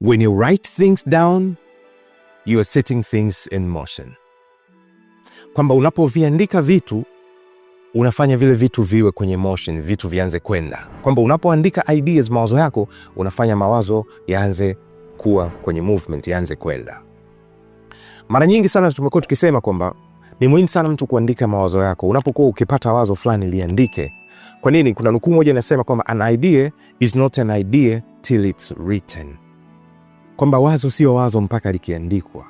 When you write things down, you are setting things in motion, kwamba unapoviandika vitu unafanya vile vitu viwe kwenye motion, vitu vianze kwenda, kwamba unapoandika ideas, mawazo yako, unafanya mawazo yaanze kuwa kwenye movement, yaanze kwenda. Mara nyingi sana tumekuwa tukisema kwamba ni muhimu sana mtu kuandika mawazo yako. Unapokuwa ukipata wazo fulani liandike. Kwa nini? Kuna nukuu moja inasema kwamba an idea is not an idea till it's written kwamba wazo sio wazo mpaka likiandikwa.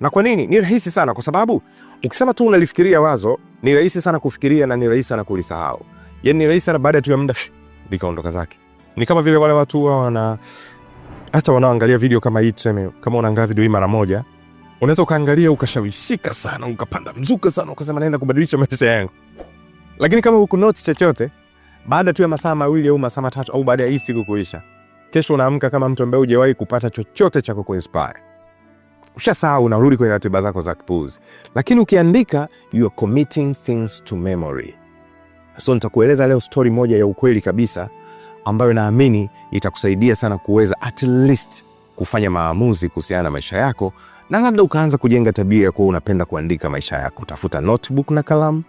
Na kwa nini? Ni rahisi sana, kwa sababu ukisema tu unalifikiria wazo, ni rahisi sana kufikiria na ni rahisi sana kulisahau. Yani ni rahisi sana, baada tu ya muda likaondoka zake. Ni kama vile wale watu wana hata wanaangalia video kama hii, tuseme kama unaangalia video hii mara moja, unaweza ukaangalia ukashawishika sana, ukapanda mzuka sana, ukasema naenda kubadilisha maisha yangu, lakini kama hukunoti chochote, baada tu ya masaa mawili au masaa matatu au baada ya hii siku kuisha Kesho unaamka kama mtu ambaye hujawahi kupata chochote cha kukuinspire. Ushasahau, unarudi kwenye ratiba zako za kipuzi. Lakini ukiandika you are committing things to memory. So nitakueleza leo stori moja ya ukweli kabisa ambayo naamini itakusaidia sana kuweza at least kufanya maamuzi kuhusiana na maisha yako, na labda ukaanza kujenga tabia ya kuwa unapenda kuandika maisha yako. Tafuta notebook na kalamu.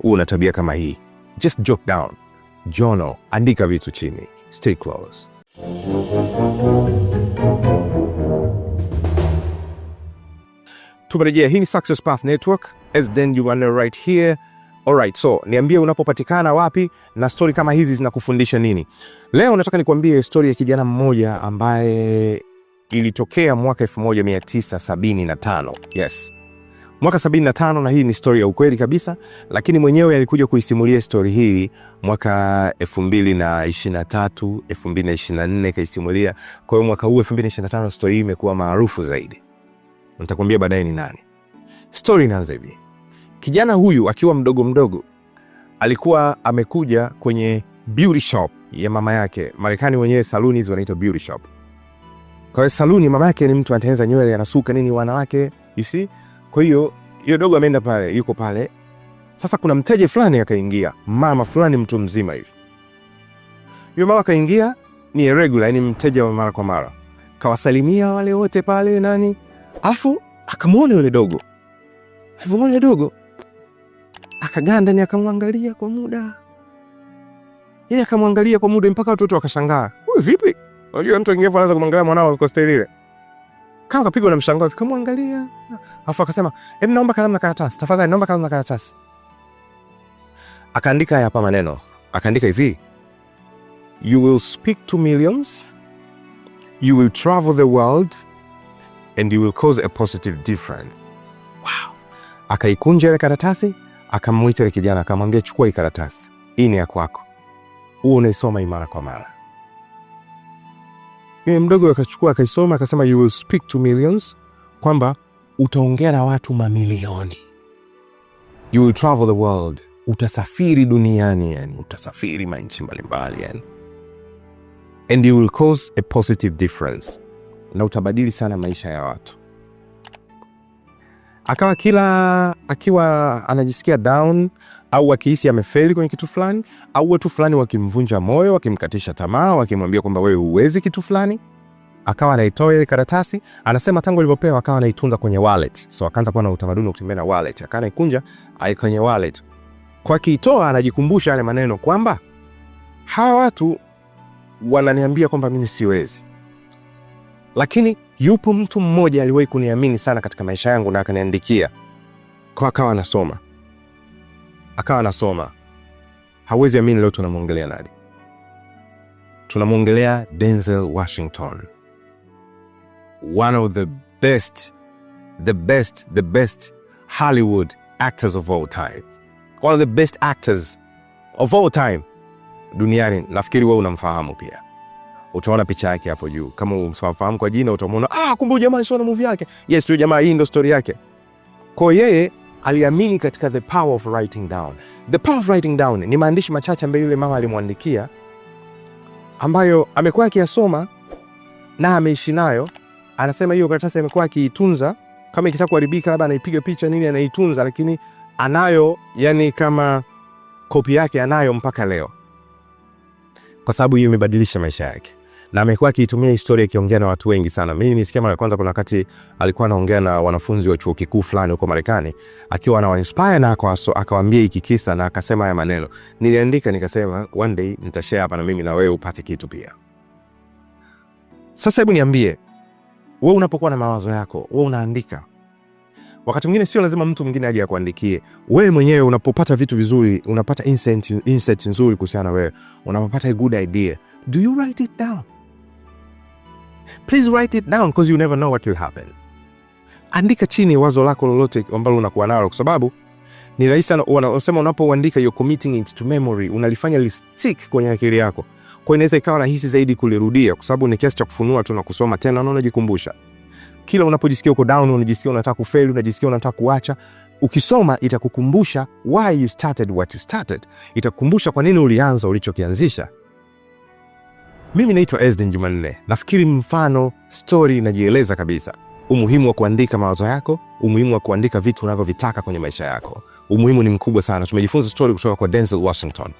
Uwe na tabia kama hii, just jot down, journal, andika vitu chini, stay close. Tumerejea. Hii ni Success Path Network. As then you are right here. Alright, so niambie unapopatikana wapi na stori kama hizi zinakufundisha nini? Leo nataka nikuambie stori ya kijana mmoja ambaye ilitokea mwaka 1975. Yes mwaka 75 na hii ni stori ya ukweli kabisa, lakini mwenyewe alikuja kuisimulia stori hii mwaka 2023, 2024 kaisimulia. Kwa hiyo mwaka huu 2025 stori hii imekuwa maarufu zaidi. Nitakwambia baadaye ni nani. Stori inaanza hivi. Kijana huyu akiwa mdogo mdogo alikuwa amekuja kwenye beauty shop ya mama yake. Marekani wenyewe saluni hizo wanaitwa beauty shop. Kwa hiyo saluni, mama yake ni mtu anatengeneza nywele, anasuka nini wanawake, you see? Kwa hiyo hiyo dogo ameenda pale, yuko pale. Sasa kuna mteja fulani akaingia, mama fulani, mtu mzima hivi. Yule mama akaingia, ni regular, ni mteja wa mara kwa mara, kawasalimia wale wote pale nani, alafu akamwona yule dogo. Alivyomwona yule dogo akagaa ndani, akamwangalia kwa muda, yeye akamwangalia kwa muda mpaka watoto wakashangaa, huyu vipi? Unajua mtu anaweza kumwangalia mwanao kwa staili ile kama kapigwa na mshangao hivi, kama angalia, afu akasema hebu naomba kalamu na karatasi tafadhali, naomba kalamu na karatasi. Akaandika hapa maneno, akaandika hivi you will speak to millions, you will travel the world and you will cause a positive difference. Wow! Akaikunja ile karatasi, akamwita ile kijana, akamwambia chukua hii karatasi, hii ni ya kwako, huo unaisoma imara kwa mara yule mdogo akachukua akaisoma akasema, you will speak to millions, kwamba utaongea na watu mamilioni. You will travel the world, utasafiri duniani, yani utasafiri manchi mbalimbali yani. And you will cause a positive difference, na utabadili sana maisha ya watu akawa kila akiwa anajisikia down au akihisi amefeli kwenye kitu fulani au watu fulani wakimvunja moyo, wakimkatisha tamaa, wakimwambia kwamba wewe huwezi kitu fulani, akawa anaitoa ile karatasi. Anasema tangu alipopewa akawa anaitunza kwenye wallet, so akaanza kuwa na utamaduni wa kutembea na wallet, akawa anaikunja kwenye wallet. Kwa kiitoa anajikumbusha yale maneno kwamba hawa watu wananiambia kwamba mimi siwezi lakini yupo mtu mmoja aliwahi kuniamini sana katika maisha yangu na akaniandikia kwa, akawa anasoma akawa anasoma, hawezi amini leo tunamwongelea nani? Tunamwongelea Denzel Washington, one of the best the best the best Hollywood actors of all time, one of the best actors of all time duniani. Nafikiri wewe unamfahamu pia utaona picha yake hapo juu. Kama usifahamu kwa jina, utamwona ah, kumbe jamaa sio na movie yake. Yes, huyo jamaa, hii ndio story yake. Kwa yeye aliamini katika the power of writing down. The power of writing down ni maandishi machache ambayo yule mama alimwandikia, ambayo amekuwa akiyasoma na ameishi nayo. Anasema hiyo karatasi amekuwa akiitunza, kama ikitaka kuharibika, labda anaipiga picha nini, anaitunza, lakini anayo, yani kama kopi yake anayo mpaka leo, kwa sababu hiyo imebadilisha maisha yake na amekuwa akiitumia historia akiongea na watu wengi sana. Mimi nisikia mara kwanza, kuna wakati alikuwa anaongea na wanafunzi wa chuo kikuu fulani huko Marekani, akiwa anawa inspire na kwa so, akawaambia hiki kisa na akasema haya maneno. Niliandika nikasema one day nitashare hapa na mimi na wewe upate kitu pia. Sasa hebu niambie wewe, unapokuwa na mawazo yako, wewe unaandika wakati mwingine sio lazima mtu mwingine aje akuandikie wewe mwenyewe. Unapopata vitu vizuri, unapata insight, insight nzuri kuhusiana na wewe, unapopata a good idea, do you write it down? please write it down because you never know what will happen. Andika chini wazo lako lolote ambalo unakuwa nalo, kwa sababu ni rahisi sana. Unasema unapoandika you're committing it to memory, unalifanya listick kwenye akili yako, kwa inaweza ikawa rahisi zaidi kulirudia, kwa sababu ni kiasi cha kufunua tu na kusoma tena na unajikumbusha. Kila unapojisikia uko down, unajisikia unataka kufeli, unajisikia unataka kuacha, ukisoma itakukumbusha why you started what you started, itakukumbusha kwa nini ulianza ulichokianzisha. Mimi naitwa Ezden Jumanne. Nafikiri mfano stori inajieleza kabisa, umuhimu wa kuandika mawazo yako, umuhimu wa kuandika vitu unavyovitaka kwenye maisha yako. Umuhimu ni mkubwa sana. Tumejifunza stori kutoka kwa Denzel Washington.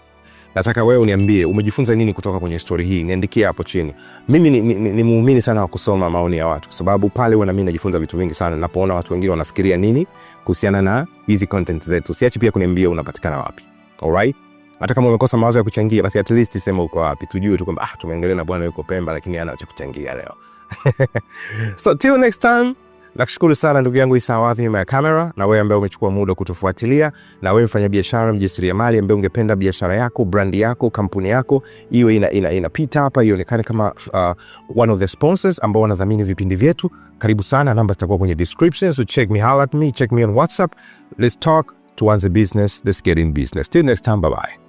Nataka wewe uniambie umejifunza nini kutoka kwenye stori hii, niandikie hapo chini. Mimi ni, ni, ni muumini sana wa kusoma maoni ya watu, kwa sababu pale huwa nami najifunza vitu vingi sana napoona watu wengine wanafikiria nini kuhusiana na hizi content zetu. Usiache pia kuniambia unapatikana wapi. Alright? hata kama umekosa mawazo ya kuchangia, basi at least sema uko wapi, tujue tu kwamba ah, tumeangalia na bwana yuko Pemba, lakini ana cha kuchangia leo. So till next time, nakushukuru sana ndugu yangu Isa Wadhi nyuma ya kamera, na wewe ambaye umechukua muda kutufuatilia, na wewe mfanya mfanyabiashara, mjasiriamali ambaye ungependa biashara yako, brandi yako, kampuni yako iwe ina, ina, inapita hapa ionekane kama uh, one of the sponsors ambao wanadhamini vipindi vyetu, karibu sana. Namba zitakuwa kwenye description, so check me, holler at me, check me on WhatsApp, let's talk, tuanze business, let's get in business. Till next time, bye bye.